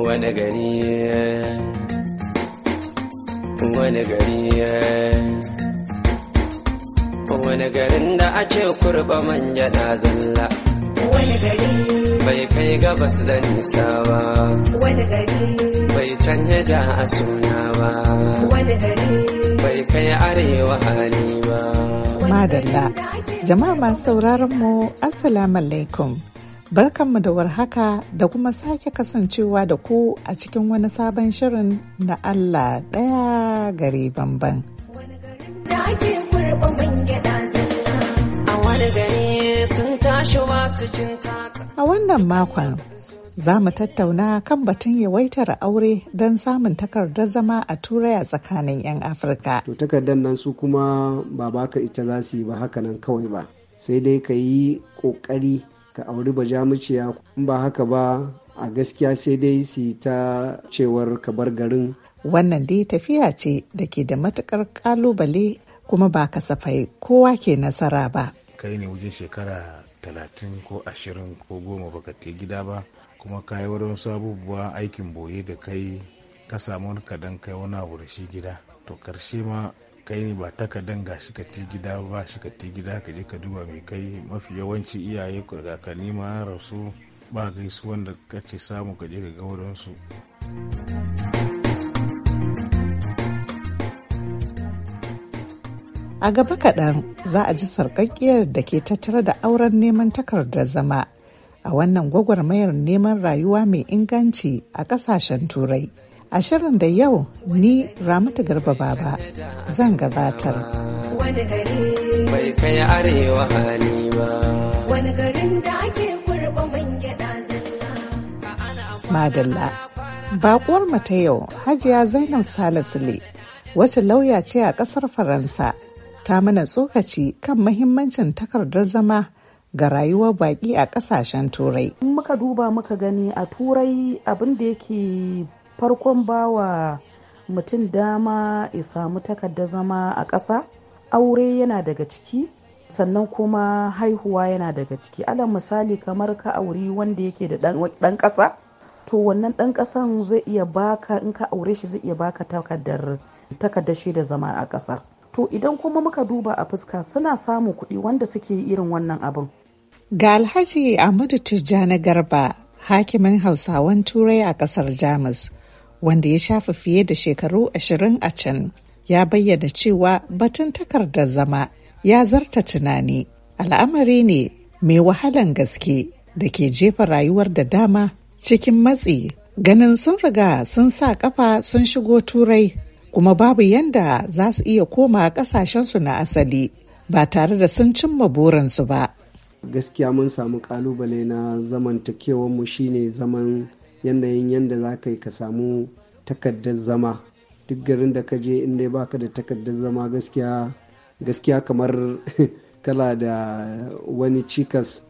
wani gari wani gari wani garin da a ce kurba manja na zalla wani gari bai kai gabas da nisa ba wani gari bai canja ja a suna ba wani gari bai kai arewa hali ba madalla jama'a masu sauraron mu assalamu alaikum Barkanmu da warhaka da kuma sake kasancewa da ku a cikin wani sabon shirin na Allah ɗaya gari bamban. A wannan makon za mu tattauna kan batun yawaitar aure don samun takardar zama a turai a tsakanin 'yan Afirka. To takardar nan su kuma ba baka ita za su yi ba hakanan kawai ba. Sai dai ka yi ƙoƙari ka auri bajamuciya in ba haka ba a gaskiya sai dai su ta cewar kabar garin wannan dai tafiya ce da ke da matukar kalubale kuma ba kasafai kowa ke nasara ba kai ne wajen shekara talatin ko ashirin ko goma baka te gida ba kuma ka yi wurin sabubuwa aikin boye da kai ka samu wani kadan kai wani abu da shi gida to karshe ma kai ba takardan ga shi ka ti gida ba shi ka ti gida ka je ka duba mai kai mafi yawanci iyaye ka ma rasu ba gaisuwan da kace samu ka je ka ga wurinsu. A gaba kaɗan za a ji sarƙaƙƙiyar da ke tattare da auren neman takardar zama a wannan gwagwarmayar neman rayuwa mai inganci a ƙasashen turai A shirin da yau ni Ramatu Garba Baba zan gabatar. Wani garin da ake kurba man zalla. Madalla. Bakuwar mata yau Hajiya Zainab Salisule wacce lauya ce a ƙasar Faransa ta mana tsokaci kan mahimmancin takardar zama ga rayuwar baƙi a ƙasashen turai. In muka duba muka gani a turai abin da yake farkon bawa mutum dama ya samu takarda zama a ƙasa aure yana daga ciki sannan kuma haihuwa yana daga ciki alal misali kamar ka auri wanda yake da ɗan ƙasa to wannan ɗan ƙasan zai iya baka in ka aure shi zai iya baka takardar takardar shi da zama a ƙasar to idan kuma muka duba a fuska suna samun kuɗi wanda suke irin wannan abin ga alhaji ahmadu tijjani garba hakimin hausawan turai a ƙasar jamus wanda ya shafi fiye da shekaru ashirin a can ya bayyana cewa batun takardar zama ya zarta tunani al'amari ne mai wahalan gaske da ke jefa rayuwar da dama cikin matsi ganin sun riga sun sa kafa sun shigo turai kuma babu yanda za su iya koma kasashensu na asali ba tare da sun cimma burinsu ba gaskiya mun samu kalubale na mu shine zaman yanayin yadda za ka yi ka samu takardar zama duk garin da ka je inda dai ka da takardar zama gaskiya gaskiya kamar kala da wani cikas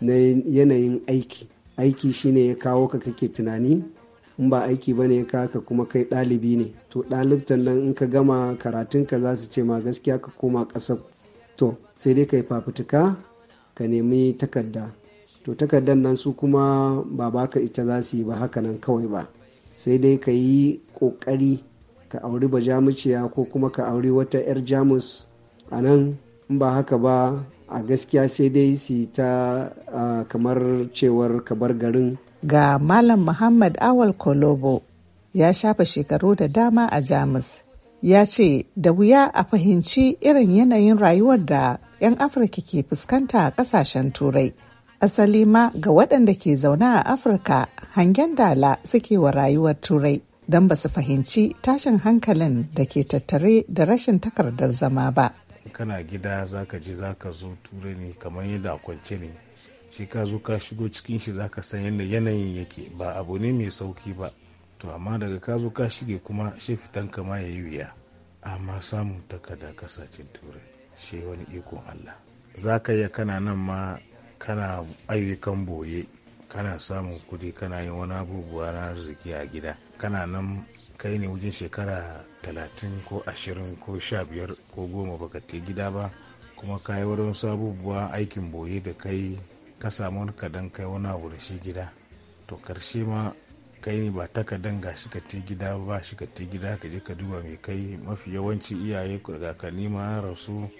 na yanayin aiki aiki shine ya kawo ka kake tunani in ba aiki ba ne ya kawo ka kuma kai ɗalibi ne to ɗalibtan nan in ka gama karatunka za su ce ma gaskiya ka koma ƙasar to sai dai ka yi fafutuka ka nemi takarda to takardar nan su kuma ba baka ita za su yi ba haka nan kawai ba sai dai ka yi ƙoƙari ka auri bajamuciya ko kuma ka auri wata 'yar jamus a nan in ba haka ba a gaskiya sai dai su ta kamar cewar kabar garin ga malam muhammad awal kolobo ya shafa shekaru da dama a jamus ya ce da wuya a fahimci irin yanayin rayuwar da 'yan afirka ke fuskanta a kasashen turai asali ma ga waɗanda ke zaune a afirka hangen dala suke wa rayuwar turai don ba su fahimci tashin hankalin da ke tattare da rashin takardar zama ba kana gida za ka ji za ka zo turai ne kamar yadda a kwance ne shi ka zo ka shigo cikin shi za ka san yadda yanayin yake ba abu ne mai sauki ba to amma daga ka zo ka shige kuma shi fitan kama ya yi wuya amma samun takarda kasashen turai shi wani ikon allah za ka iya kana nan ma kana ayyukan boye kana samun kudi kana yin wani abubuwa na arziki a gida kana nan kai ne wajen shekara talatin ko ashirin ko 15 ko goma baka te gida ba kuma ka yi wani abubuwa aikin boye da kai ka samu wani kadan kai wani abu da shi gida to karshe ma kai ne ba takardan ga shi ka te gida ba shi ka te gida ka je ka duba mai kai mafi yawanci iyaye ga ma rasu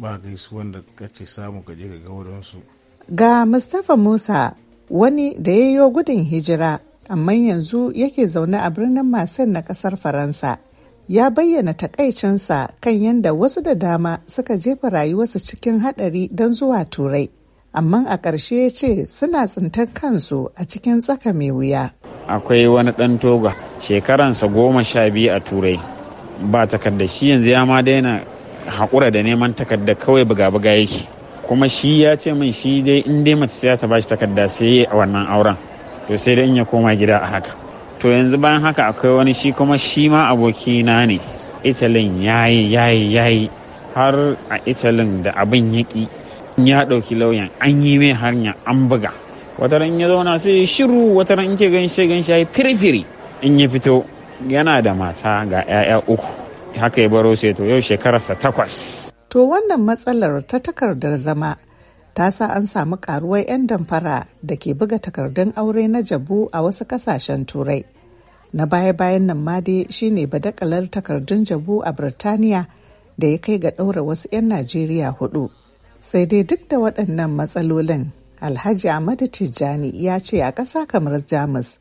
ba su wanda ka ce samu ka je ka ga wurinsu Ga Mustapha Musa wani da ya yi gudun hijira amma yanzu yake zaune a birnin Masin na kasar Faransa. Ya bayyana takaicinsa kan yadda wasu da dama suka jefa rayuwarsu cikin haɗari don zuwa Turai. Amma a ƙarshe ya ce suna tsintar kansu a cikin tsaka mai wuya. Akwai wani ɗan toga shekaransa goma sha biyu a Turai. Ba takardar shi yanzu ya ma daina haƙura da neman takarda kawai buga-buga yake. kuma shi ya ce min shi dai in dai mace sai ta bashi takarda sai a wannan auren to sai dai in ya koma gida a haka to yanzu bayan haka akwai wani shi kuma shi ma abokina ne italin yayi yayi yayi har a italin da abin yaƙi ya ɗauki lauyan an yi mai hanya an buga wata ran ya zauna sai shiru wata ran ke gan shi ganshe ya firfiri in ya fito yana da mata ga 'ya'ya uku haka ya baro sai to yau shekararsa takwas To wannan matsalar ta takardar zama ta sa an samu karuwar 'yan damfara da ke buga takardun aure na jabu a wasu kasashen turai. Na baya-bayan nan ma dai shine badakalar takardun jabu a Birtaniya da ya kai ga ɗaura wasu 'yan Najeriya hudu. Sai dai duk da waɗannan matsalolin Alhaji Ahmadu Tijjani ya ce a ƙasa kamar Jamus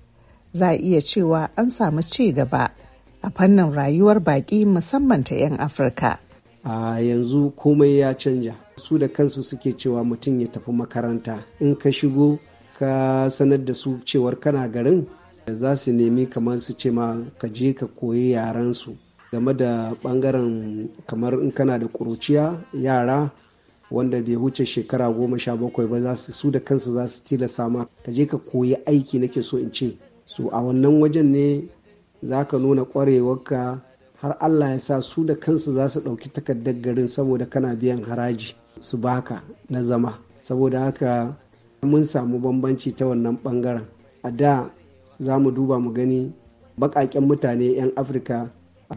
za a iya cewa an samu ci gaba a fannin rayuwar baƙi musamman ta 'yan Afirka. a yanzu komai ya canja su da kansu suke cewa mutum ya tafi makaranta in ka shigo ka sanar da su cewar kana garin za su nemi kamar su ce ma ka je ka koyi yaran su game da bangaren kamar in kana da kuruciya yara wanda bai wuce shekara goma sha bakwai ba su da kansu za su tilasa ma ka je ka koyi aiki nake so in ce Su a wannan wajen ne za ka nuna ƙwarewarka har allah ya sa su da kansu za su ɗauki takardar garin saboda kana biyan haraji su baka na zama saboda haka mun samu bambanci ta wannan bangaren a da za mu duba mu gani baƙaƙen mutane 'yan afirka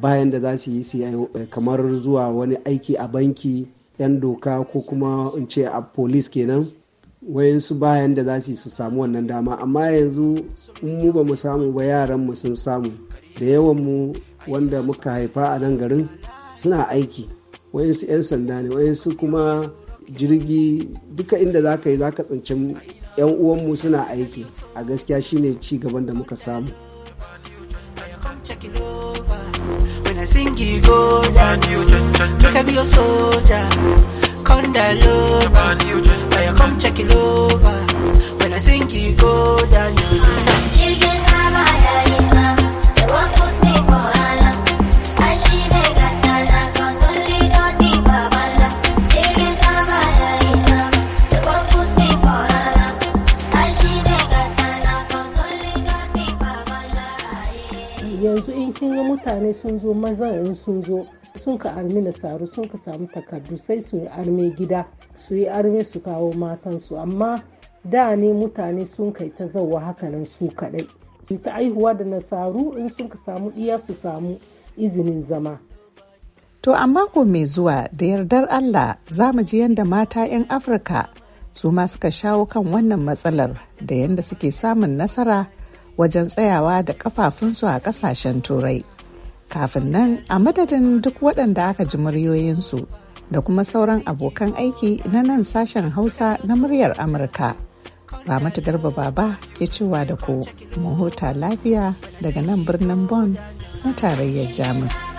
bayan da za su yi su eh, kamar zuwa wani aiki a banki 'yan doka ko kuma in ce a polis kenan wayan su bayan da za su yi su samu wannan dama amma yanzu mu ba mu samu ba yaran mu sun samu da yawan mu wanda muka haifa a nan garin suna aiki wayansu 'yan sanda ne wayansu kuma jirgi duka inda za ka yi za ka tsinci 'yan uwanmu suna aiki a gaskiya shine ci gaban da muka samu Jirgin mutane sun zo mazan sun zo sun ka armi nasaru sun ka samu takardu sai su yi arme gida su yi arme su kawo matansu amma da ne mutane sun kai ta zauwa hakanan su kadai su ta aihuwa da nasaru in sun ka samu iya su samu izinin zama to amma ko mai zuwa da yardar allah za mu ji yadda mata 'yan afirka su ma suka shawo kan wannan matsalar da yadda suke samun nasara wajen tsayawa da kafafunsu a kasashen turai Kafin nan a madadin duk waɗanda aka ji muryoyinsu da kuma sauran abokan aiki na nan sashen Hausa na muryar Amurka. Ramatu Garba Baba ke cewa da ku mu huta lafiya daga nan birnin Bonn na tarayyar Jamus.